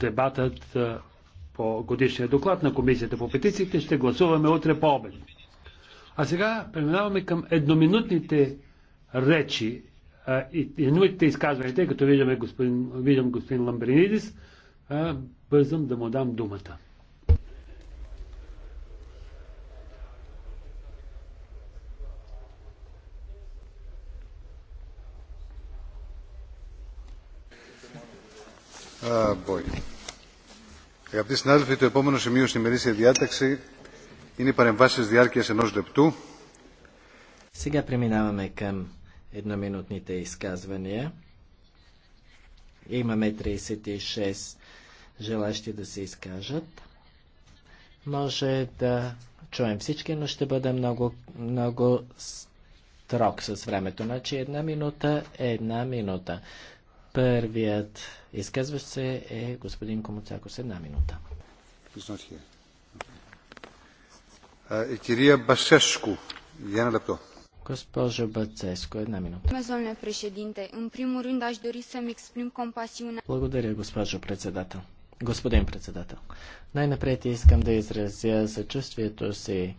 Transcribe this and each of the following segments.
дебатът по годишния доклад на Комисията по петициите. Ще гласуваме утре по обед. А сега преминаваме към едноминутните речи и едноминутните изказвания, тъй като виждаме господин, виждам господин Ламбринидис. бързам да му дам думата. Αγαπητοί συνάδελφοι, το επόμενο σημείο διάταξη είναι οι παρεμβάσει διάρκεια ενό λεπτού. Сега преминаваме към едноминутните изказвания. Имаме 36 желащи да се изкажат. Може да чуем всички, но ще бъде много, много строг с времето. Значи една минута е една минута. Първият изказващ се е господин Комуцакос. Една минута. Екирия Башешко, Яна Лепто. Госпожо Бацеско, една минута. Благодаря, госпожо председател. Господин председател, най-напред искам да изразя съчувствието си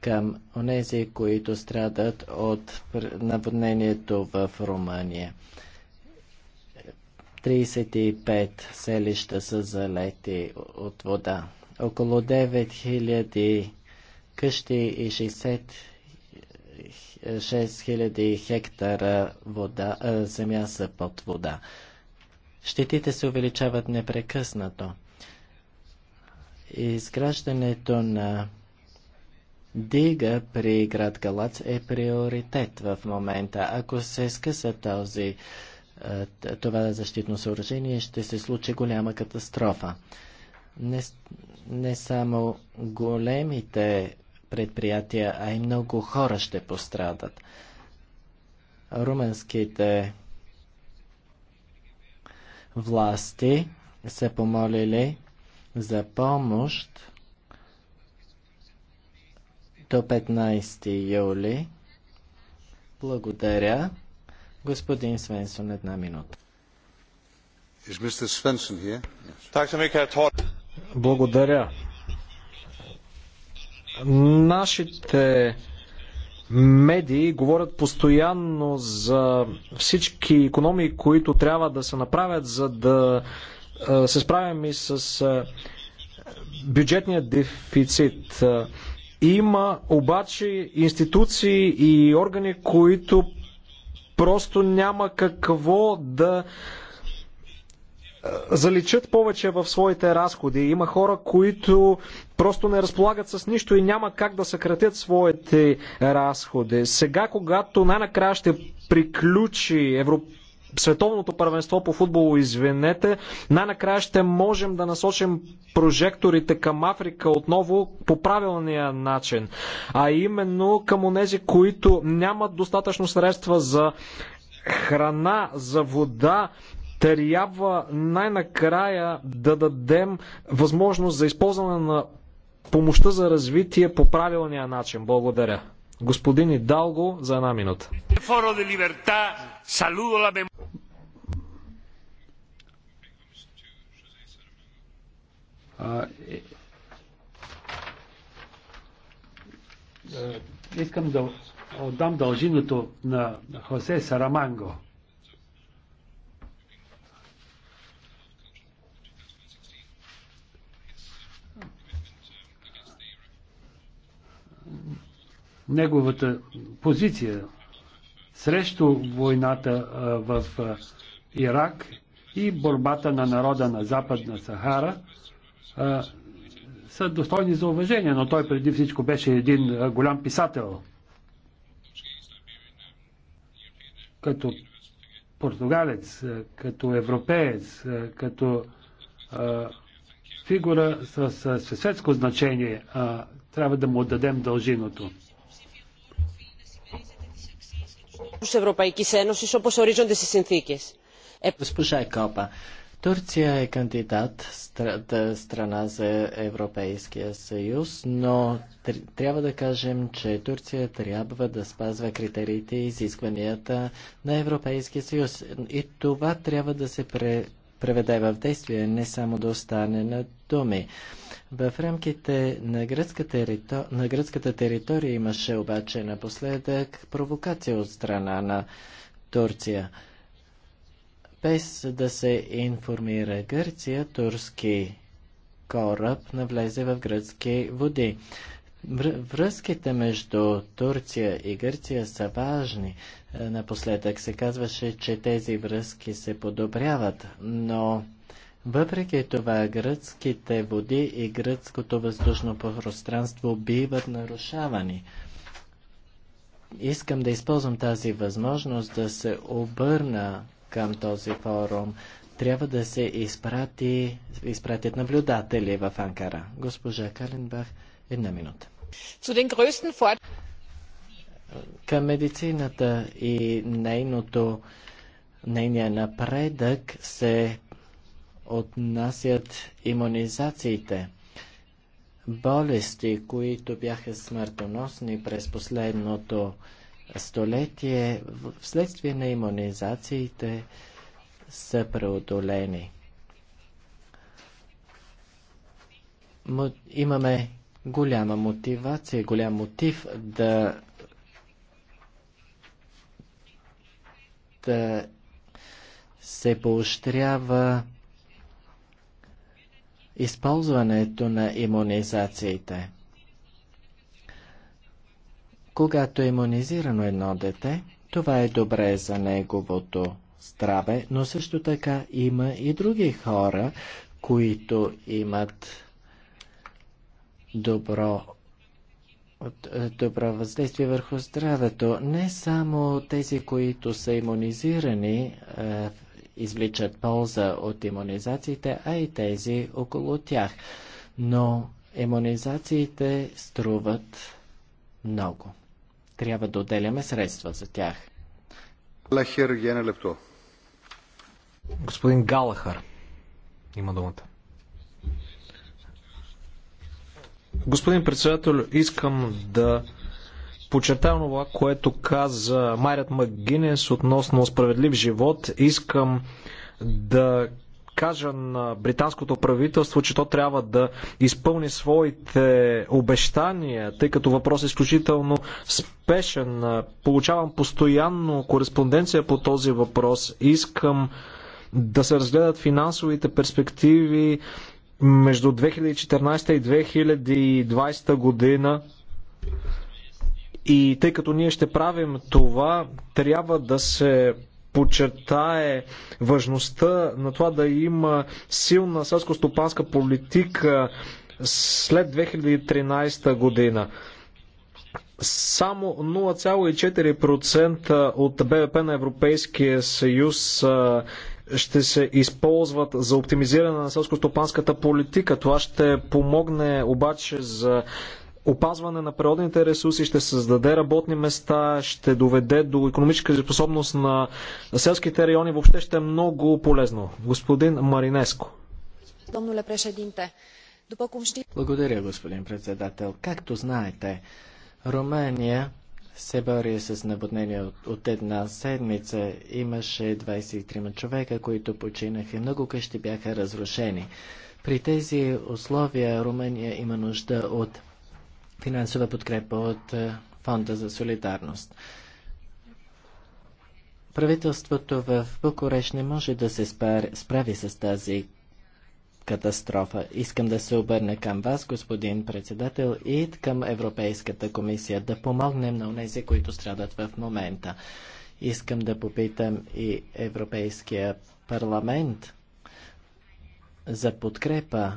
към онези, които страдат от наводнението в Румъния. 35 селища са залети от вода. Около 9000 къщи и 60 6000 хектара вода, земя са под вода. Щетите се увеличават непрекъснато. Изграждането на дига при град Галац е приоритет в момента. Ако се скъса този е, това защитно съоръжение, ще се случи голяма катастрофа. Не, не само големите предприятия, а и много хора ще пострадат. Румънските власти са помолили за помощ до 15 юли. Благодаря. Господин Свенсон, една минута. Благодаря. Нашите медии говорят постоянно за всички економии, които трябва да се направят, за да се справим и с бюджетния дефицит. Има обаче институции и органи, които Просто няма какво да заличат повече в своите разходи. Има хора, които просто не разполагат с нищо и няма как да съкратят своите разходи. Сега, когато най-накрая ще приключи Европейския световното първенство по футбол, извинете, най-накрая ще можем да насочим прожекторите към Африка отново по правилния начин, а именно към онези, които нямат достатъчно средства за храна, за вода, трябва най-накрая да дадем възможност за използване на помощта за развитие по правилния начин. Благодаря. Господин Идалго за една минута. Е, е, искам да отдам дължиното на Хосе Сараманго. неговата позиция срещу войната в Ирак и борбата на народа на Западна Сахара са достойни за уважение, но той преди всичко беше един голям писател. Като португалец, като европеец, като фигура с, светско значение, трябва да му отдадем дължиното. Ευρωπαϊκής Ένωσης όπως ορίζονται στις συνθήκες. Турция е кандидат страна за Европейския съюз, но трябва да кажем, че Турция трябва да спазва критериите и изискванията на Европейския съюз. И това трябва да се преведе в действие, не само да остане на думи. В рамките на гръцка, територ... на гръцката територия имаше обаче напоследък провокация от страна на Турция. Без да се информира Гърция, турски кораб навлезе в гръцки води. Връзките между Турция и Гърция са важни. Е, напоследък се казваше, че тези връзки се подобряват, но въпреки това гръцките води и гръцкото въздушно пространство биват нарушавани. Искам да използвам тази възможност да се обърна към този форум. Трябва да се изпрати, изпратят наблюдатели в Анкара. Госпожа Каленбах Една минута. Към медицината и нейното, нейния напредък се отнасят иммунизациите. Болести, които бяха смъртоносни през последното столетие, вследствие на иммунизациите са преодолени. Имаме голяма мотивация, голям мотив да, да се поощрява използването на иммунизациите. Когато е иммунизирано едно дете, това е добре за неговото здраве, но също така има и други хора, които имат добро е, добро въздействие върху здравето. Не само тези, които са иммунизирани, е, извличат полза от иммунизациите, а и тези около тях. Но иммунизациите струват много. Трябва да отделяме средства за тях. Лахер Господин Галахар има думата. Господин председател, искам да подчертавам това, което каза Марият Магинес относно справедлив живот. Искам да кажа на британското правителство, че то трябва да изпълни своите обещания, тъй като въпрос е изключително спешен. Получавам постоянно кореспонденция по този въпрос. Искам да се разгледат финансовите перспективи между 2014 и 2020 година. И тъй като ние ще правим това, трябва да се подчертае важността на това да има силна селско-стопанска политика след 2013 година. Само 0,4% от БВП на Европейския съюз ще се използват за оптимизиране на селско-стопанската политика. Това ще помогне обаче за опазване на природните ресурси, ще създаде работни места, ще доведе до економическа способност на селските райони. Въобще ще е много полезно. Господин Маринеско. Благодаря, господин председател. Както знаете, Румъния се бори с наводнение от, от една седмица. Имаше 23 човека, които починаха и много къщи бяха разрушени. При тези условия Румъния има нужда от финансова подкрепа от е, Фонда за солидарност. Правителството в Букуреш не може да се справи с тази катастрофа. Искам да се обърна към вас, господин председател, и към Европейската комисия да помогнем на унези, които страдат в момента. Искам да попитам и Европейския парламент за подкрепа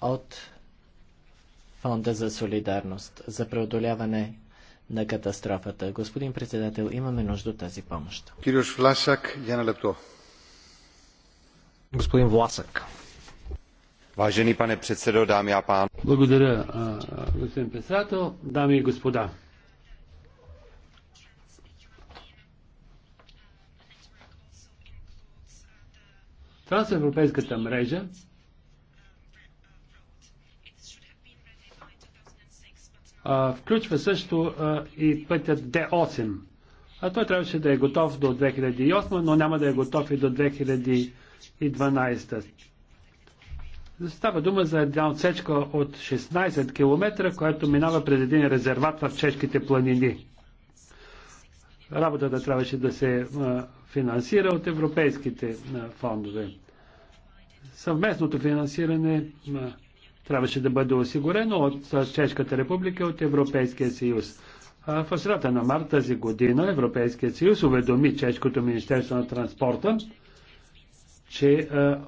от Фонда за солидарност за преодоляване на катастрофата. Господин председател, имаме нужда от тази помощ. Кириош Власак, Яна Лепто. Господин Власък. Vážený pane předsedo, dámy a pán. Благодаря, господин председател, дами и господа. Трансевропейската мрежа а, включва също а, и пътят д 8 А той трябваше да е готов до 2008, но няма да е готов и до 2000 12. Става дума за една отсечка от 16 км, която минава през един резерват в чешките планини. Работата трябваше да се финансира от европейските фондове. Съвместното финансиране трябваше да бъде осигурено от Чешката република и от Европейския съюз. В средата на март тази година Европейският съюз уведоми Чешкото министерство на транспорта, че а,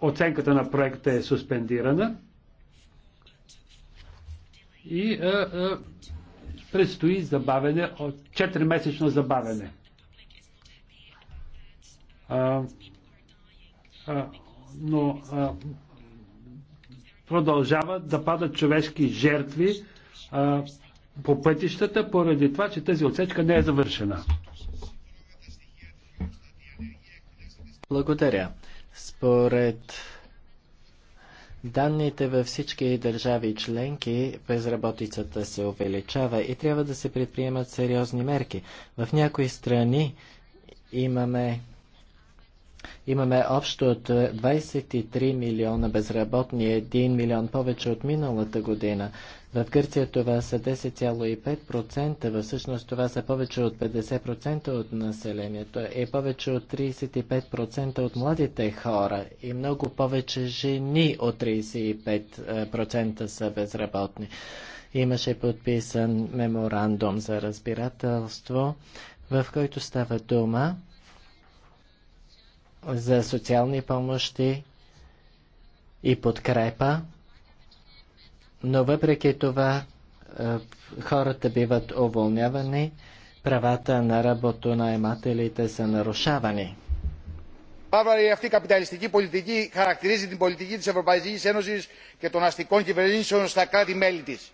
оценката на проекта е суспендирана и а, а, предстои забавене от 4-месечно забавене. А, а, но а, продължават да падат човешки жертви а, по пътищата, поради това, че тази отсечка не е завършена. Благодаря. Според данните във всички държави членки, безработицата се увеличава и трябва да се предприемат сериозни мерки. В някои страни имаме Имаме общо от 23 е, милиона безработни, 1 милион повече от миналата година. В Гърция това са 10,5%, всъщност това са повече от 50% от населението и е, повече от 35% от младите хора и много повече жени от 35% са безработни. Имаше подписан меморандум за разбирателство, в който става дума за социални помощи и подкрепа, но въпреки това хората биват уволнявани, правата на работонаемателите са нарушавани. Παύλα, αυτή η καπιταλιστική πολιτική χαρακτηρίζει την πολιτική της Ευρωπαϊκής Ένωσης και των αστικών κυβερνήσεων στα κράτη-μέλη της.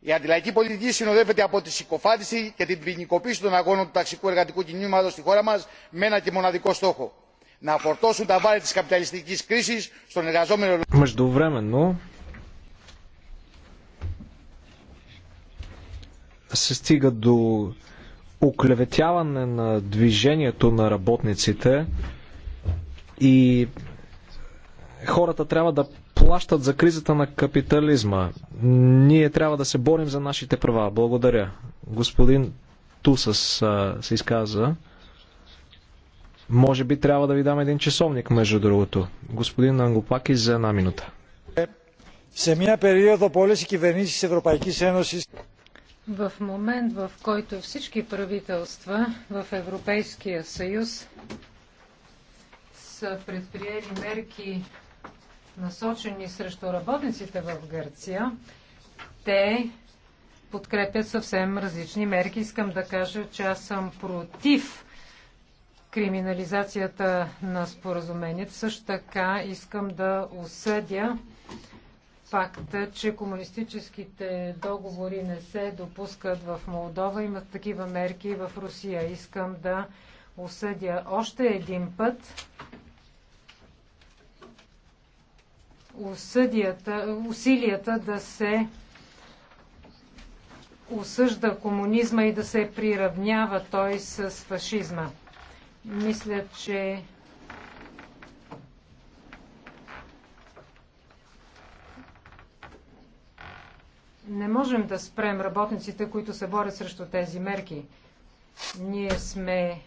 Η αντιλαϊκή πολιτική συνοδεύεται από τη συκοφάντηση και την ποινικοποίηση των αγώνων του ταξικού εργατικού κινήματος στη χώρα μας με ένα και μοναδικό στόχο να φορτώσουν τα βάρη της καπιταλιστικής κρίσης στον εργαζόμενο Междувременно се стига до оклеветяване на движението на работниците и хората трябва да плащат за кризата на капитализма. Ние трябва да се борим за нашите права. Благодаря. Господин Тусас се изказа. Може би трябва да ви дам един часовник, между другото. Господин Ангопаки, за една минута. Е, в момент, в който всички правителства в Европейския съюз са предприели мерки насочени срещу работниците в Гърция, те подкрепят съвсем различни мерки. Искам да кажа, че аз съм против криминализацията на споразумението. Също така искам да осъдя факта, че комунистическите договори не се допускат в Молдова. Имат такива мерки в Русия. Искам да осъдя още един път усъдията, усилията да се осъжда комунизма и да се приравнява той с фашизма. Мисля, че не можем да спрем работниците, които се борят срещу тези мерки. Ние сме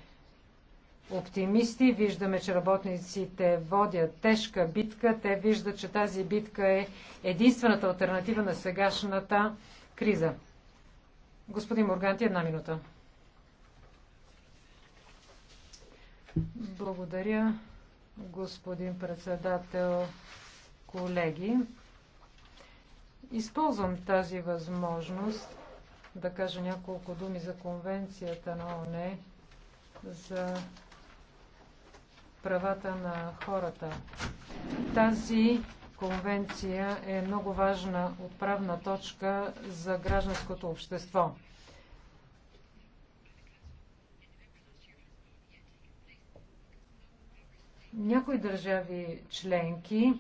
оптимисти, виждаме, че работниците водят тежка битка, те виждат, че тази битка е единствената альтернатива на сегашната криза. Господин Морганти, една минута. Благодаря, господин председател, колеги. Използвам тази възможност да кажа няколко думи за конвенцията на ОНЕ за правата на хората. Тази конвенция е много важна отправна точка за гражданското общество. Някои държави членки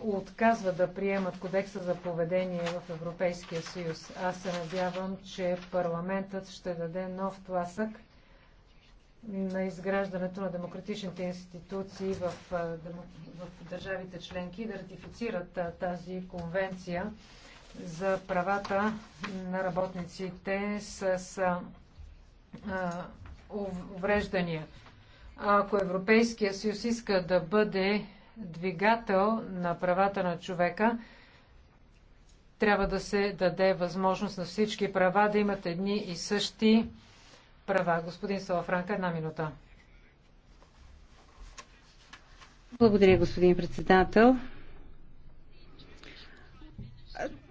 отказва да приемат кодекса за поведение в Европейския съюз. Аз се надявам, че парламентът ще даде нов тласък на изграждането на демократичните институции в, в държавите членки да ратифицират тази конвенция за правата на работниците с увреждания. Ако Европейския съюз иска да бъде двигател на правата на човека, трябва да се даде възможност на всички права да имат едни и същи права. Господин Салафранка, една минута. Благодаря, господин председател.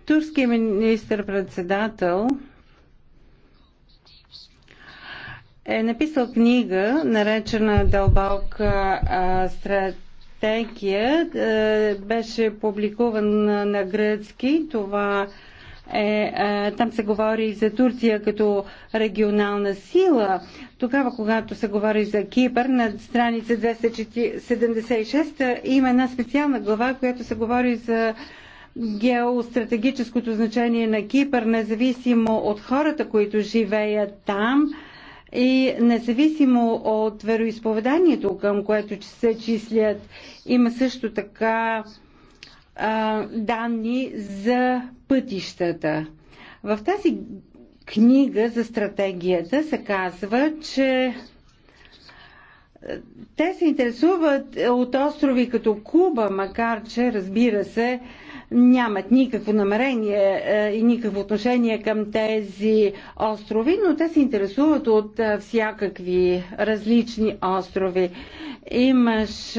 Турският министр-председател е написал книга, наречена Дълбока стратегия. Е, беше публикуван на гръцки. Това е, е там се говори за Турция като регионална сила. Тогава, когато се говори за Кипър, на страница 276 има една специална глава, която се говори за геостратегическото значение на Кипър, независимо от хората, които живеят там и независимо от вероисповеданието, към което се числят, има също така а, данни за пътищата. В тази книга за стратегията се казва, че те се интересуват от острови като Куба, макар че, разбира се, нямат никакво намерение е, и никакво отношение към тези острови, но те се интересуват от е, всякакви различни острови. Имаш,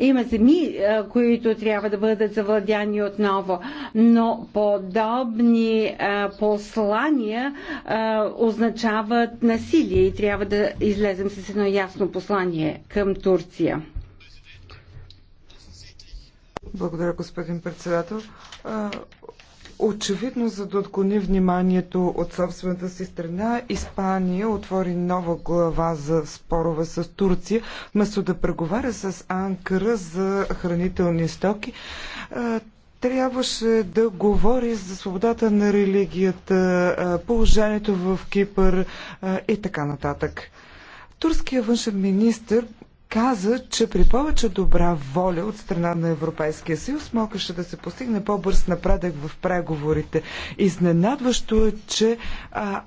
има земи, е, които трябва да бъдат завладяни отново, но подобни послания означават насилие и трябва да излезем с едно ясно послание към Турция. Благодаря, господин председател. Очевидно, за да отклони вниманието от собствената си страна, Испания отвори нова глава за спорове с Турция, вместо да преговаря с Анкара за хранителни стоки трябваше да говори за свободата на религията, положението в Кипър и така нататък. Турският външен министр каза, че при повече добра воля от страна на Европейския съюз могаше да се постигне по-бърз напредък в преговорите. Изненадващо е, че а,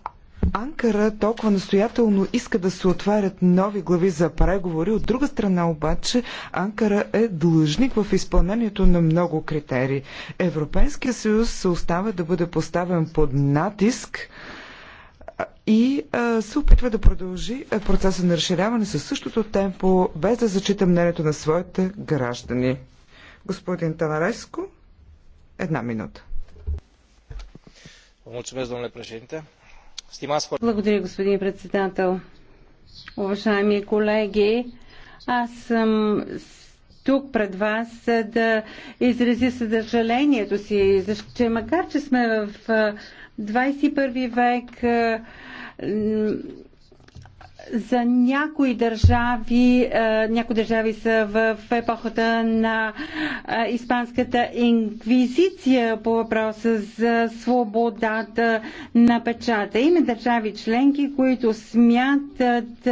Анкара толкова настоятелно иска да се отварят нови глави за преговори. От друга страна обаче Анкара е длъжник в изпълнението на много критерии. Европейския съюз се остава да бъде поставен под натиск и се опитва да продължи процеса на разширяване със същото темпо, без да зачита мнението на своите граждани. Господин Танареско, една минута. Благодаря, господин председател. Уважаеми колеги, аз съм тук пред вас да изразя съжалението си, че макар че сме в 21 век е, за някои държави, е, някои държави са в епохата на е, Испанската инквизиция по въпроса за свободата на печата. Има държави членки, които смятат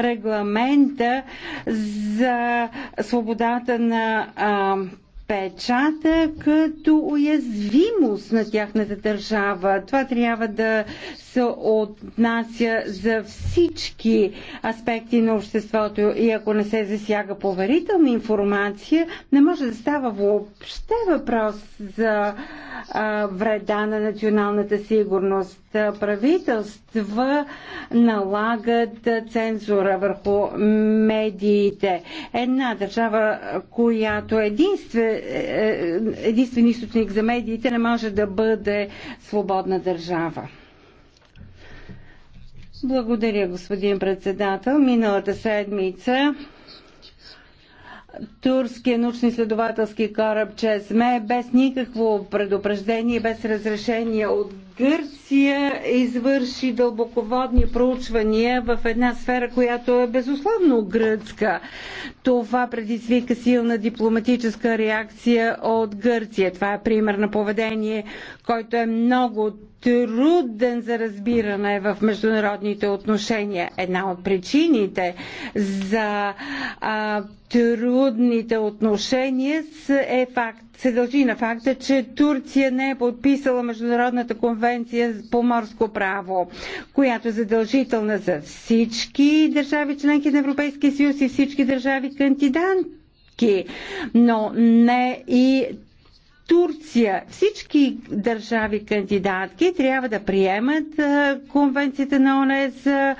регламента за свободата на печата като уязвимост на тяхната държава. Това трябва да се отнася за всички аспекти на обществото и ако не се засяга поверителна информация, не може да става въобще въпрос за а, вреда на националната сигурност. Правителства налагат цензура върху медиите. Една държава, която е е, е, единствен източник за медиите, не може да бъде свободна държава. Благодаря, господин председател. Миналата седмица турския научно-изследователски кораб ЧСМЕ без никакво предупреждение, без разрешение от Гърция извърши дълбоководни проучвания в една сфера, която е безусловно гръцка. Това предизвика силна дипломатическа реакция от Гърция. Това е пример на поведение, който е много труден за разбиране в международните отношения. Една от причините за а, трудните отношения е факт, се дължи на факта, че Турция не е подписала Международната конвенция по морско право, която е задължителна за всички държави членки на Европейския съюз и всички държави кандидатки но не и Турция, всички държави кандидатки трябва да приемат конвенцията на ОНЕ за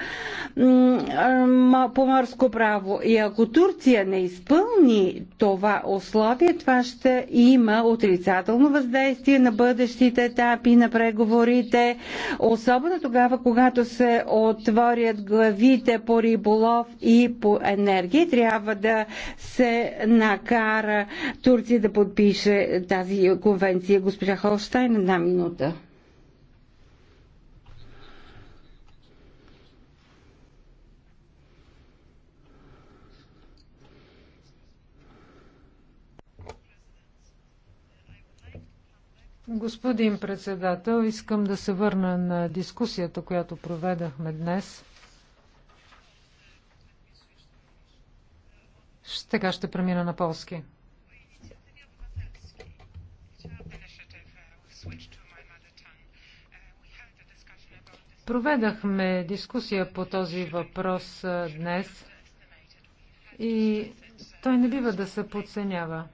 поморско право. И ако Турция не изпълни това условие, това ще има отрицателно въздействие на бъдещите етапи на преговорите, особено тогава, когато се отворят главите по риболов и по енергия. Трябва да се накара Турция да подпише тази тази конвенция. Госпожа Холштайн, една минута. Господин председател, искам да се върна на дискусията, която проведахме днес. Така ще премина на полски. Проведахме дискусия по този въпрос днес и той не бива да се подценява.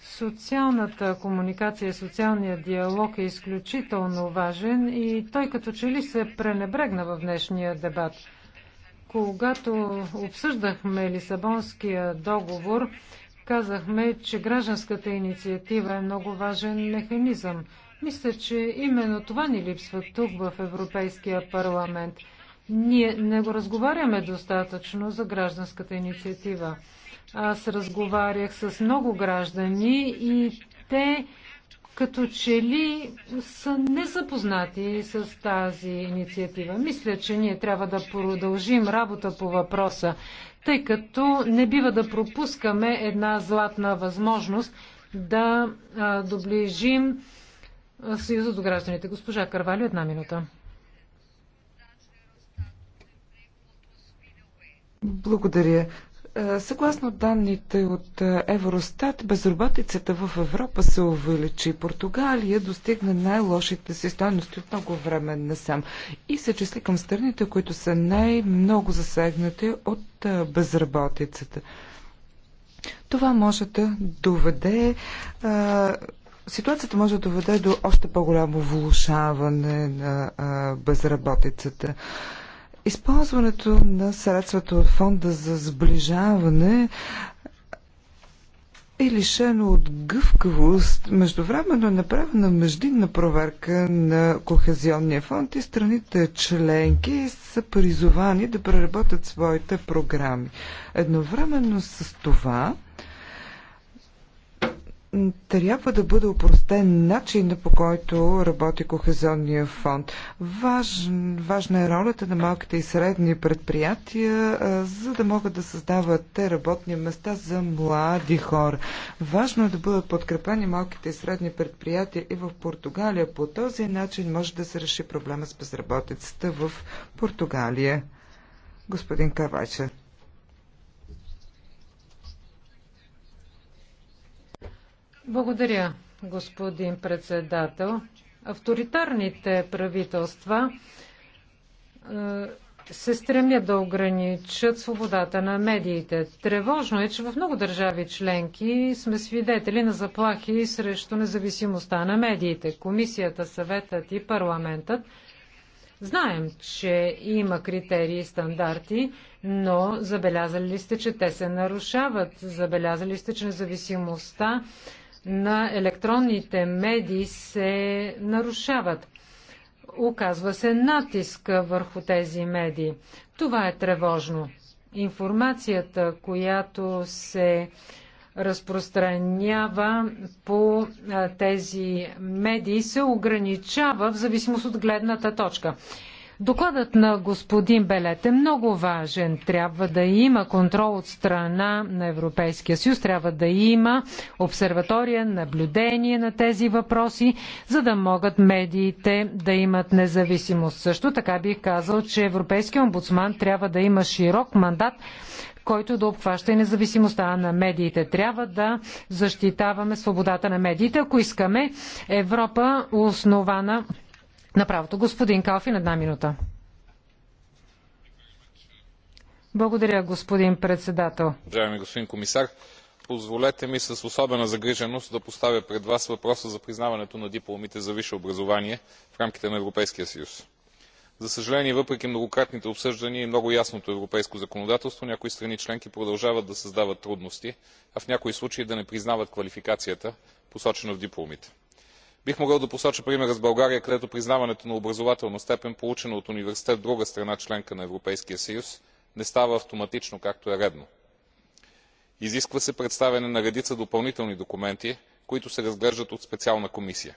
Социалната комуникация, социалният диалог е изключително важен и той като че ли се пренебрегна в днешния дебат. Когато обсъждахме Лисабонския договор, Казахме, че гражданската инициатива е много важен механизъм. Мисля, че именно това ни липсва тук в Европейския парламент. Ние не го разговаряме достатъчно за гражданската инициатива. Аз разговарях с много граждани и те като че ли са незапознати с тази инициатива. Мисля, че ние трябва да продължим работа по въпроса тъй като не бива да пропускаме една златна възможност да доближим Съюза до гражданите. Госпожа Карвалю, една минута. Благодаря. Е, съгласно данните от е, Евростат, безработицата в Европа се увеличи. Португалия достигна най-лошите си стойности от много време насам и се числи към страните, които са най-много засегнати от е, безработицата. Това може да доведе. ситуацията може да доведе до още по-голямо влушаване на безработицата. Използването на средствата от фонда за сближаване е лишено от гъвкавост. Междувременно е направена междинна проверка на Кохезионния фонд и страните членки са призовани да преработят своите програми. Едновременно с това трябва да бъде упростен начинът по който работи Кохезонния фонд. Важ, важна е ролята на малките и средни предприятия, за да могат да създават те работни места за млади хора. Важно е да бъдат подкрепени малките и средни предприятия и в Португалия. По този начин може да се реши проблема с безработицата в Португалия. Господин Кавача. Благодаря, господин председател. Авторитарните правителства е, се стремят да ограничат свободата на медиите. Тревожно е, че в много държави членки сме свидетели на заплахи срещу независимостта на медиите. Комисията, съветът и парламентът знаем, че има критерии и стандарти, но забелязали сте, че те се нарушават? Забелязали сте, че независимостта на електронните медии се нарушават. Оказва се натиск върху тези медии. Това е тревожно. Информацията, която се разпространява по тези медии, се ограничава в зависимост от гледната точка. Докладът на господин Белет е много важен. Трябва да има контрол от страна на Европейския съюз, трябва да има обсерватория, наблюдение на тези въпроси, за да могат медиите да имат независимост. Също така бих казал, че Европейския омбудсман трябва да има широк мандат, който да обхваща и независимостта на медиите. Трябва да защитаваме свободата на медиите, ако искаме Европа основана Направото Господин Калфин, една минута. Благодаря, господин председател. Уважаеми господин комисар, позволете ми с особена загриженост да поставя пред вас въпроса за признаването на дипломите за висше образование в рамките на Европейския съюз. За съжаление, въпреки многократните обсъждания и много ясното европейско законодателство, някои страни членки продължават да създават трудности, а в някои случаи да не признават квалификацията, посочена в дипломите бих могъл да посоча примера с българя където признаването на образователна степен получена от университет в друга страна членка на европейския съюз не става автоматично както е редно. изисква се представяне на редица допълнителни документи които се разглеждат от специална комисия.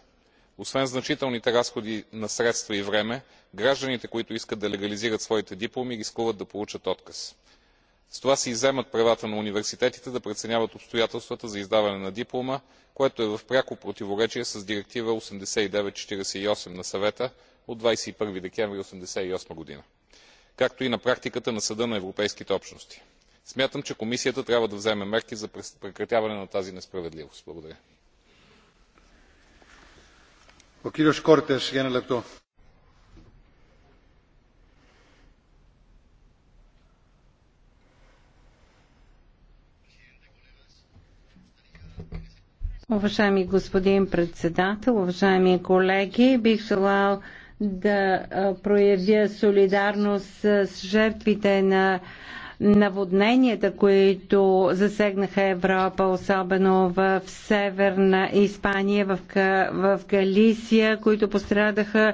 освен значителните разходи на средства и време гражданите които искат да легализират своите дипломи рискуват да получат отказ с това се изземват правата на университетите да преценяват обстоятелствата за издаване на диплома което е в пряко противоречие с директива осемдесет и девет четиридесет и осем на съвета от двадесет и първи декември хиляда деветстотин г. както и на практиката на съда на европейските общности. смятам че комисията трябва да вземе мерки за прекратяване на тази несправедливост. благодаря. Уважаеми господин председател, уважаеми колеги, бих желал да проявя солидарност с жертвите на наводненията, които засегнаха Европа, особено в северна Испания, в, в Галисия, които пострадаха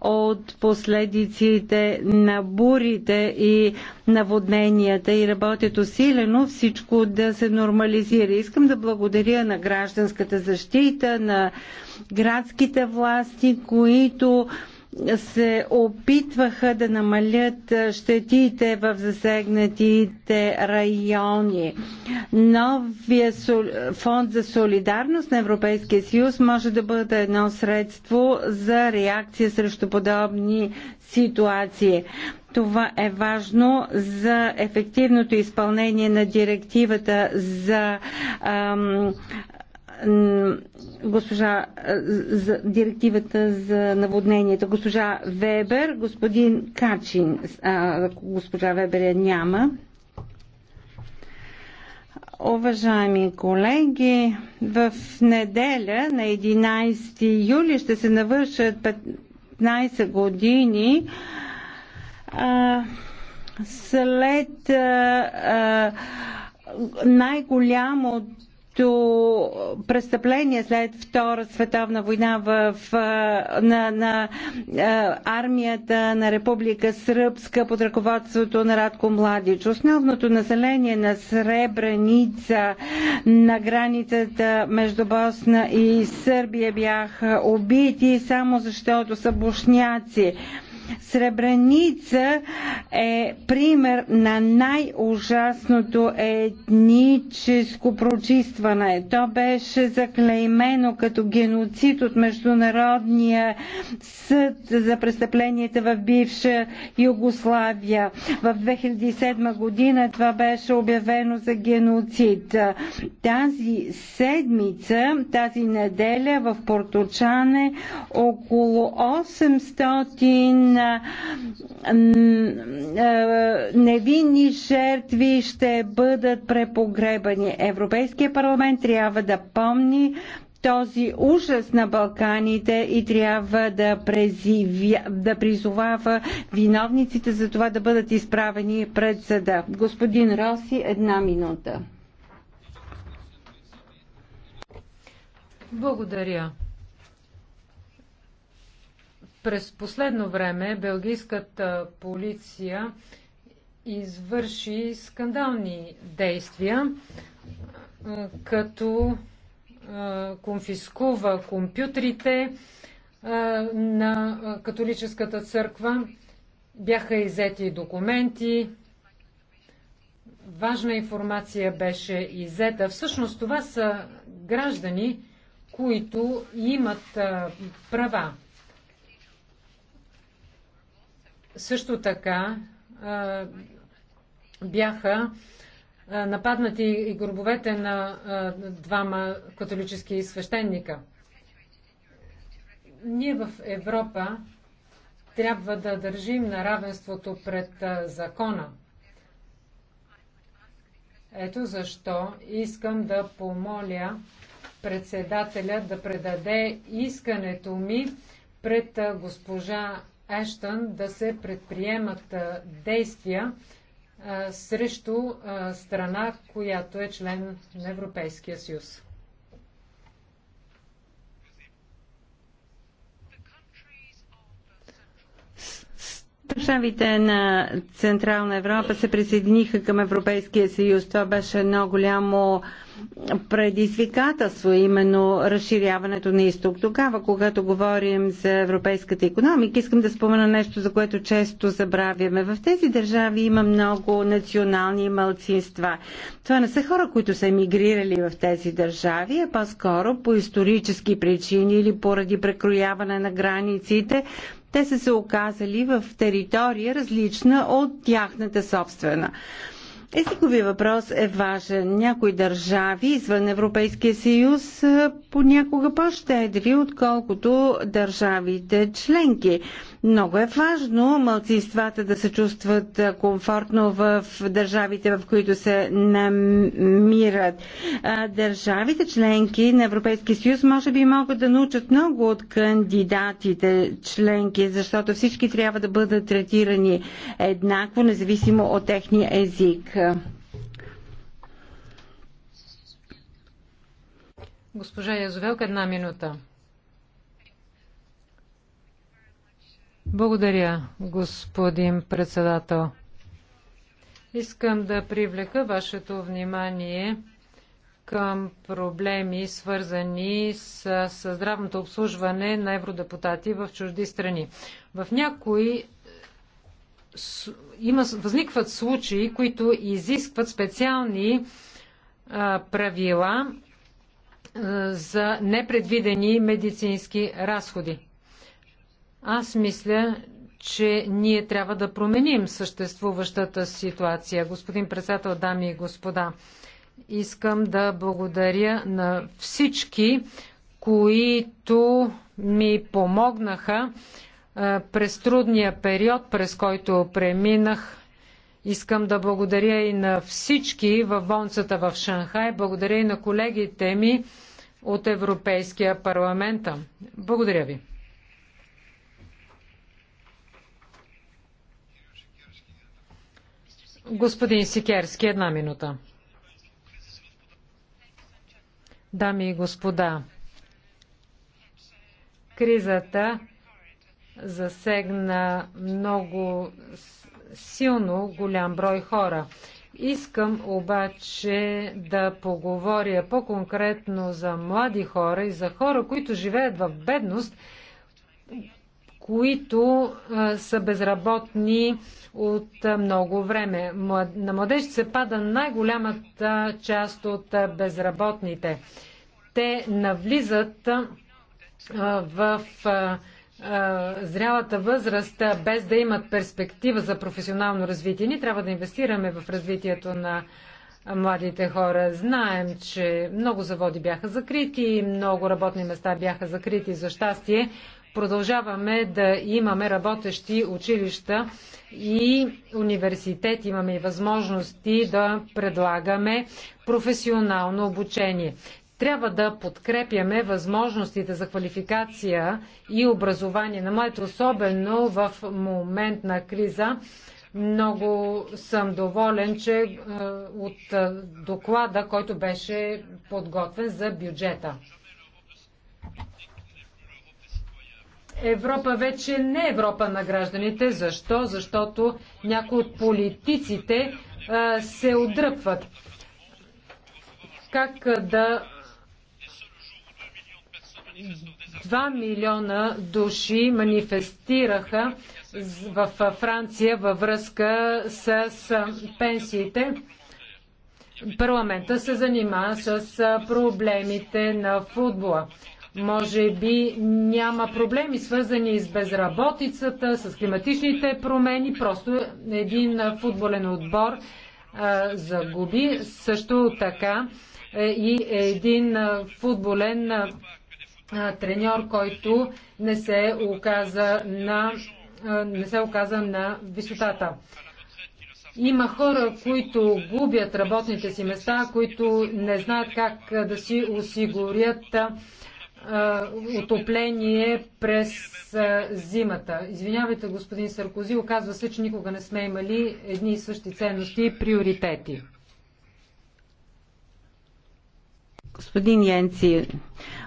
от последиците на бурите и наводненията и работят усилено всичко да се нормализира. Искам да благодаря на гражданската защита, на градските власти, които се опитваха да намалят щетите в засегнатите райони. Новия фонд за солидарност на Европейския съюз може да бъде едно средство за реакция срещу подобни ситуации. Това е важно за ефективното изпълнение на директивата за ам, госпожа за директивата за наводненията. Госпожа Вебер, господин Качин, ако госпожа Вебер я няма. Уважаеми колеги, в неделя на 11 юли ще се навършат 15 години а, след а, а, най-голямото като престъпление след Втора световна война в, на, на армията на Република Сръбска под ръководството на Радко Младич. Основното население на Сребреница на границата между Босна и Сърбия бяха убити само защото са бушняци. Сребреница е пример на най-ужасното етническо прочистване. То беше заклеймено като геноцид от Международния съд за престъпленията в бивша Югославия. В 2007 година това беше обявено за геноцид. Тази седмица, тази неделя в Порточане около 800 на невинни жертви ще бъдат препогребани. Европейския парламент трябва да помни този ужас на Балканите и трябва да, презивя, да призовава виновниците за това да бъдат изправени пред съда. Господин Роси, една минута. Благодаря. През последно време белгийската полиция извърши скандални действия, като конфискува компютрите на католическата църква, бяха иззети документи, важна информация беше иззета. Всъщност това са граждани, които имат права. Също така бяха нападнати и гробовете на двама католически свещеника. Ние в Европа трябва да държим на равенството пред закона. Ето защо искам да помоля председателя да предаде искането ми пред госпожа Ештън да се предприемат действия срещу страна, която е член на Европейския съюз. Държавите на Централна Европа се присъединиха към Европейския съюз. Това беше едно голямо предизвикателство, именно разширяването на изток. Тогава, когато говорим за европейската економика, искам да спомена нещо, за което често забравяме. В тези държави има много национални малцинства. Това не са хора, които са емигрирали в тези държави, а по-скоро по исторически причини или поради прекрояване на границите, те са се оказали в територия различна от тяхната собствена. Езикови въпрос е важен. Някои държави извън Европейския съюз понякога по-щедри, отколкото държавите членки. Много е важно малцинствата да се чувстват комфортно в държавите, в които се намират. Държавите членки на Европейския съюз може би могат да научат много от кандидатите членки, защото всички трябва да бъдат третирани еднакво, независимо от техния език. Госпожа Язовелка, една минута. Благодаря, господин председател. Искам да привлека вашето внимание към проблеми, свързани с, с здравното обслужване на евродепутати в чужди страни. В някои с, има, възникват случаи, които изискват специални а, правила а, за непредвидени медицински разходи. Аз мисля, че ние трябва да променим съществуващата ситуация. Господин председател, дами и господа, искам да благодаря на всички, които ми помогнаха през трудния период, през който преминах. Искам да благодаря и на всички в болницата в Шанхай, благодаря и на колегите ми от Европейския парламент. Благодаря ви. Господин Сикерски, една минута. Дами и господа, кризата засегна много силно голям брой хора. Искам обаче да поговоря по-конкретно за млади хора и за хора, които живеят в бедност, които а, са безработни от а, много време. Млад... На младежите се пада най-голямата част от а, безработните. Те навлизат в зрялата възраст без да имат перспектива за професионално развитие. Ние трябва да инвестираме в развитието на младите хора. Знаем, че много заводи бяха закрити, много работни места бяха закрити за щастие продължаваме да имаме работещи училища и университет. Имаме и възможности да предлагаме професионално обучение. Трябва да подкрепяме възможностите за квалификация и образование на моето, особено в момент на криза. Много съм доволен, че е, от е, доклада, който беше подготвен за бюджета. Европа вече не е Европа на гражданите. Защо? Защото някои от политиците а, се отдръпват. Как да 2 милиона души манифестираха в Франция във връзка с пенсиите. Парламента се занима с проблемите на футбола. Може би няма проблеми свързани с безработицата, с климатичните промени, просто един футболен отбор а, загуби. Също така и един футболен а, треньор, който не се оказа на, а, не се оказа на висотата. Има хора, които губят работните си места, които не знаят как да си осигурят отопление през зимата. Извинявайте, господин Саркози, оказва се, че никога не сме имали едни и същи ценности и приоритети. Господин Янци,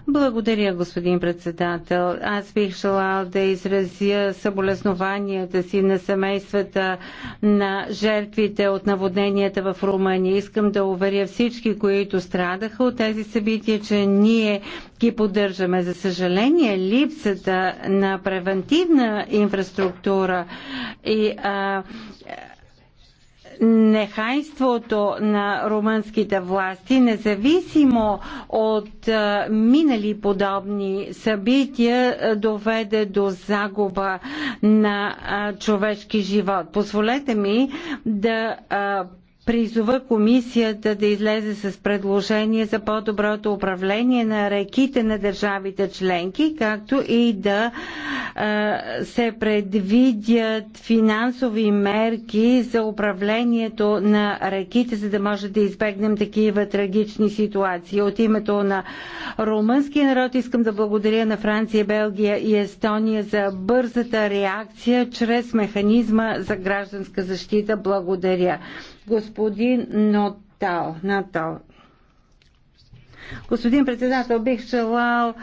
благодаря, господин председател. Аз бих желал да изразя съболезнованията си на семействата на жертвите от наводненията в Румъния. Искам да уверя всички, които страдаха от тези събития, че ние ги поддържаме. За съжаление, липсата на превентивна инфраструктура и а, нехайството на румънските власти, независимо от минали подобни събития, доведе до загуба на човешки живот. Позволете ми да призова комисията да излезе с предложение за по-доброто управление на реките на държавите членки, както и да се предвидят финансови мерки за управлението на реките, за да може да избегнем такива трагични ситуации. От името на румънския народ искам да благодаря на Франция, Белгия и Естония за бързата реакция чрез механизма за гражданска защита. Благодаря господин Нотал. Натал. Господин председател, бих желал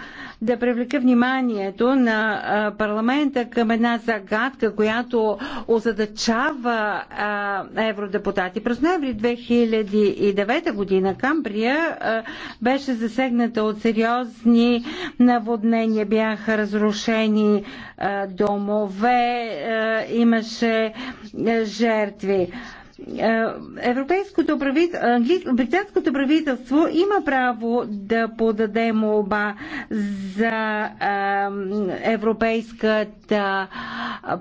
да привлека вниманието на парламента към една загадка, която озадачава евродепутати. През ноември 2009 година Камбрия беше засегната от сериозни наводнения, бяха разрушени домове, имаше жертви. Е, европейското правителство, британското правителство има право да подаде молба за европейската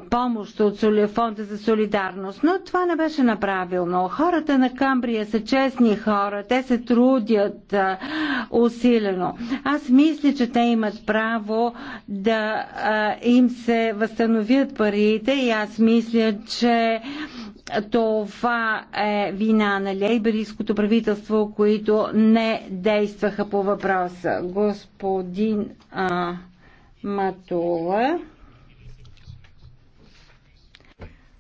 помощ от Фонда за солидарност, но това не беше направилно. Хората на Камбрия са честни хора, те се трудят усилено. Аз мисля, че те имат право да им се възстановят парите и аз мисля, че това е вина на лейберийското правителство, които не действаха по въпроса. Господин а, Матула.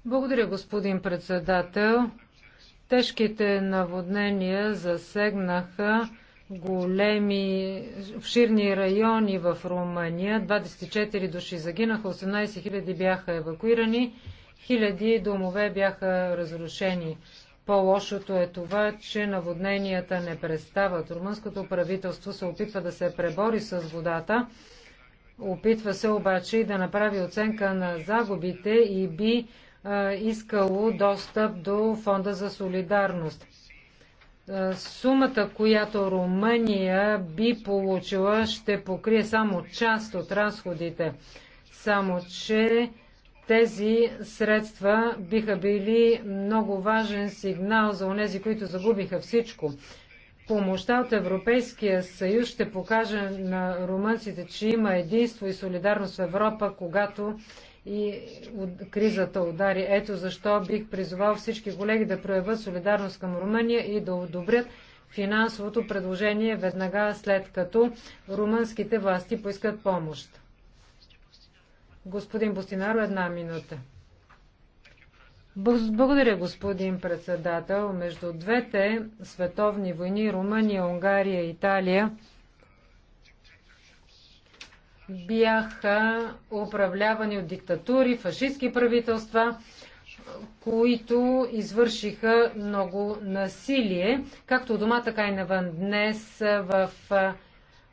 Благодаря, господин председател. Тежките наводнения засегнаха големи, обширни райони в Румъния. 24 души загинаха, 18 000 бяха евакуирани Хиляди домове бяха разрушени. По-лошото е това, че наводненията не престават. Румънското правителство се опитва да се пребори с водата, опитва се обаче и да направи оценка на загубите и би а, искало достъп до Фонда за солидарност. А, сумата, която Румъния би получила, ще покрие само част от разходите. Само, че тези средства биха били много важен сигнал за онези, които загубиха всичко. Помощта от Европейския съюз ще покаже на румънците, че има единство и солидарност в Европа, когато и кризата удари. Ето защо бих призовал всички колеги да проявят солидарност към Румъния и да одобрят финансовото предложение веднага след като румънските власти поискат помощ. Господин Бостинаро, една минута. Благодаря, господин председател. Между двете световни войни Румъния, Унгария и Италия бяха управлявани от диктатури, фашистски правителства, които извършиха много насилие, както дома, така и навън. Днес в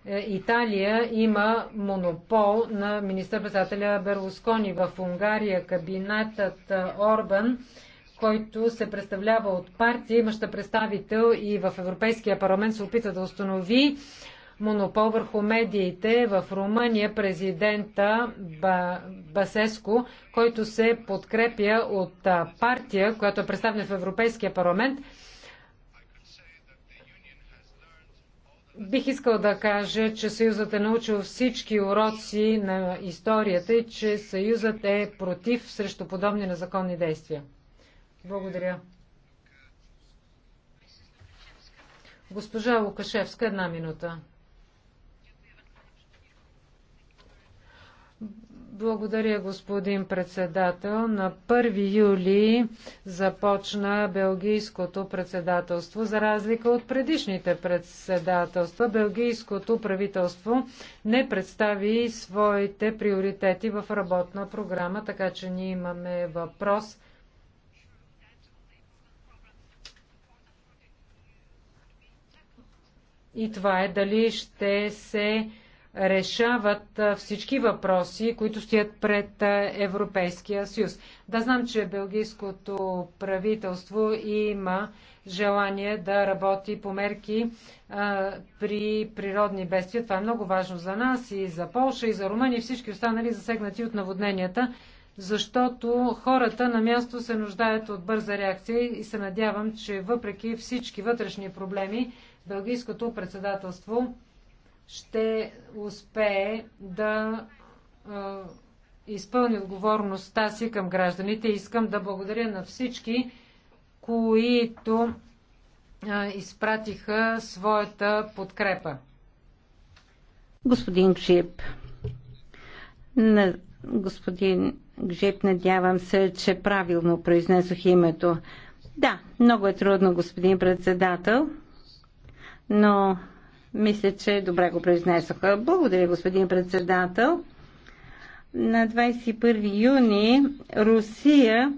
е, Италия има монопол на министър-председателя Берлускони. В Унгария кабинетът е, Орбан, който се представлява от партия, имаща представител и в Европейския парламент се опита да установи монопол върху медиите. В Румъния президента Басеско, който се подкрепя от партия, която е представена в Европейския парламент, Бих искал да кажа, че Съюзът е научил всички уроци на историята и че Съюзът е против срещу подобни незаконни действия. Благодаря. Госпожа Лукашевска, една минута. Благодаря, господин председател. На 1 юли започна Белгийското председателство. За разлика от предишните председателства, Белгийското правителство не представи своите приоритети в работна програма, така че ние имаме въпрос – И това е дали ще се решават всички въпроси, които стоят пред Европейския съюз. Да знам, че белгийското правителство има желание да работи по мерки а, при природни бедствия. Това е много важно за нас и за Полша, и за Румъния, и всички останали засегнати от наводненията, защото хората на място се нуждаят от бърза реакция и се надявам, че въпреки всички вътрешни проблеми, Белгийското председателство ще успее да изпълни отговорността си към гражданите. Искам да благодаря на всички, които изпратиха своята подкрепа. Господин Гжип, на господин Гжип, надявам се, че правилно произнесох името. Да, много е трудно, господин председател, но мисля, че добре го произнесоха. Благодаря, господин председател. На 21 юни Русия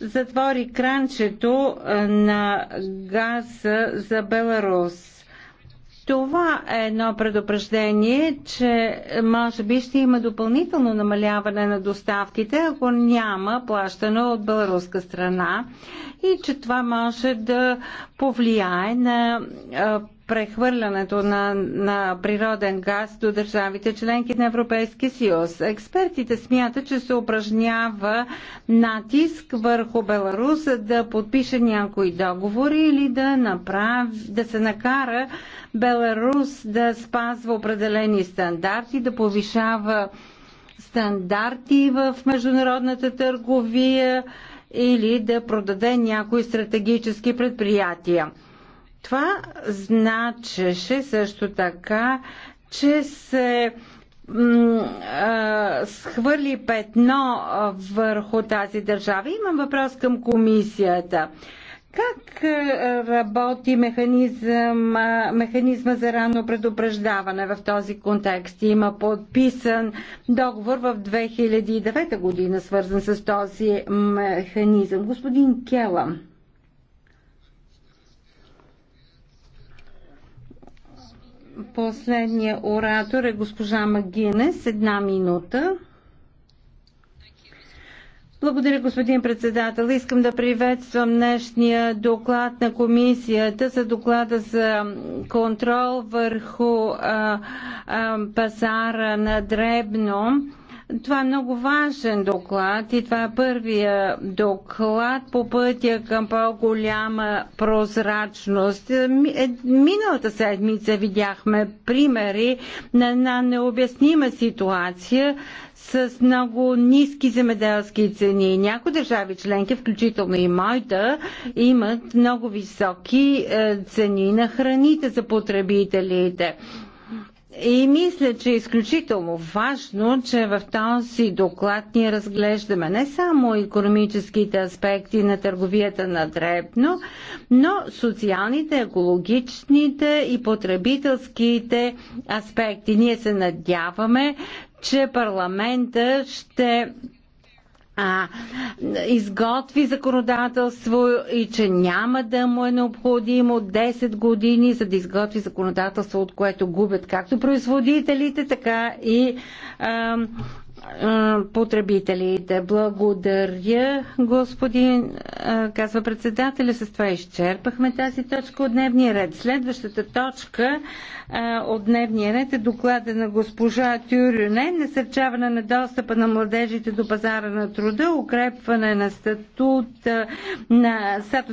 затвори кранчето на газа за Беларус. Това е едно предупреждение, че може би ще има допълнително намаляване на доставките, ако няма плащане от беларуска страна и че това може да повлияе на прехвърлянето на, на природен газ до държавите членки на Европейския съюз. Експертите смятат, че се упражнява натиск върху Беларус да подпише някои договори или да, направи, да се накара Беларус да спазва определени стандарти, да повишава стандарти в международната търговия или да продаде някои стратегически предприятия. Това значеше също така, че се схвърли петно върху тази държава. Имам въпрос към комисията. Как работи механизъм, механизма за ранно предупреждаване в този контекст? Има подписан договор в 2009 година, свързан с този механизъм. Господин Келам. Последният оратор е госпожа Магинес. Една минута. Благодаря, господин председател. Искам да приветствам днешния доклад на комисията за доклада за контрол върху а, а, пазара на дребно това е много важен доклад и това е първия доклад по пътя към по-голяма прозрачност. Е, миналата седмица видяхме примери на една необяснима ситуация с много ниски земеделски цени. Някои държави членки, включително и моята, имат много високи е, цени на храните за потребителите. И мисля, че е изключително важно, че в този доклад ние разглеждаме не само економическите аспекти на търговията на дребно, но социалните, екологичните и потребителските аспекти. Ние се надяваме, че парламента ще а, изготви законодателство и че няма да му е необходимо 10 години, за да изготви законодателство, от което губят както производителите, така и а, потребителите. Благодаря, господин, казва председателя. С това изчерпахме тази точка от дневния ред. Следващата точка от дневния ред е доклада на госпожа Тюрюне, насърчаване на достъпа на младежите до пазара на труда, укрепване на статут на статус